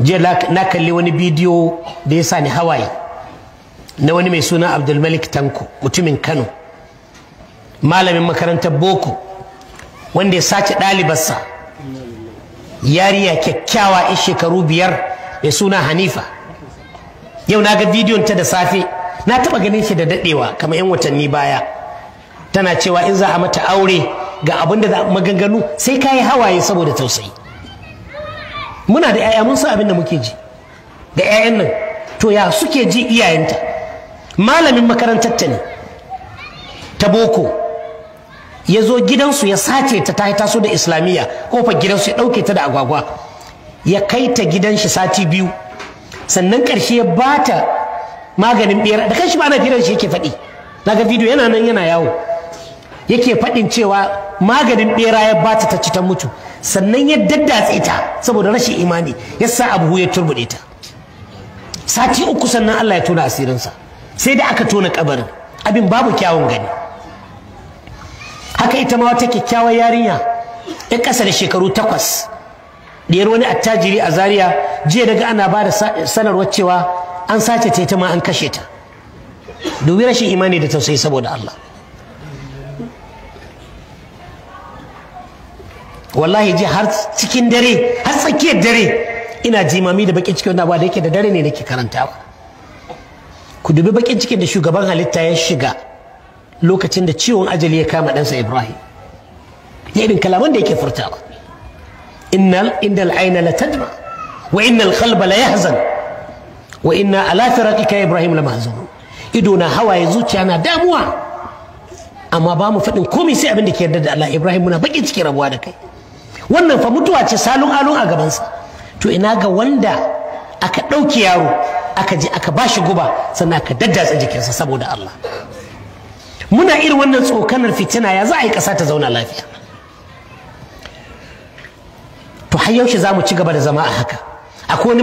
jiya na kalli wani bidiyo da ya sa ni hawaye na wani mai suna abdulmalik tanko mutumin kano malamin makarantar boko wanda ya sace ɗalibarsa yariya kyakkyawa in shekaru biyar mai suna hanifa yau na ga bidiyon ta da safe na taɓa ganin shi da daɗewa kamar 'yan watanni baya tana cewa in za a mata aure ga abin da maganganu sai ka yi hawaye saboda tausayi muna da 'ya'ya mun san abin da muke ji ga 'ya'yan nan to ya suke ji iyayenta malamin makarantar ta ne ta boko ya zo gidansu ya sace ta ta taso da islamiyya kofar gidansu ya ɗauke ta da agwagwa ya kai ta gidan shi sati biyu sannan ƙarshe ya bata maganin ɓera, da shi ba na firar shi yake faɗi na ga bidiyo yana nan yana yawo yake faɗin cewa maganin ɓera ya bata ta ci ta mutu sannan ya daddatse ta saboda rashin imani ya sa abu ya turbuɗe ta sati uku sannan Allah ya tona asirinsa sai da aka tona kabarin abin babu kyawun gani haka ita ma wata kyakkyawar yarinya ya ƙasa da shekaru takwas ɗiyar wani attajiri a zaria jiya daga ana ba da sanarwar cewa an sace ta ita ma an kashe ta dubi rashin imani da tausayi saboda Allah wallahi ji har cikin dare har tsakiyar dare ina jimami da bakin cikin wanda da yake da dare ne nake karantawa ku dubi bakin cikin da shugaban halitta ya shiga lokacin da ciwon ajali ya kama ɗansa ibrahim ya irin kalaman da yake furtawa innal indal aina la tadma wa innal qalba la yahzan wa inna ala firaqika ibrahim la mahzunun ido na hawaye zuciya na damuwa amma ba mu faɗin komai sai abin da ke yarda da Allah Ibrahim muna baƙin cikin rabuwa da kai wannan fa mutuwa ce salon alon a gabansa to ina ga wanda aka ɗauki yaro aka je aka bashi guba sannan aka daddatsa jikinsa saboda Allah muna irin wannan tsokanar fitina ya za a yi ƙasa ta zauna lafiya to har yaushe za mu ci gaba da zama a haka akwai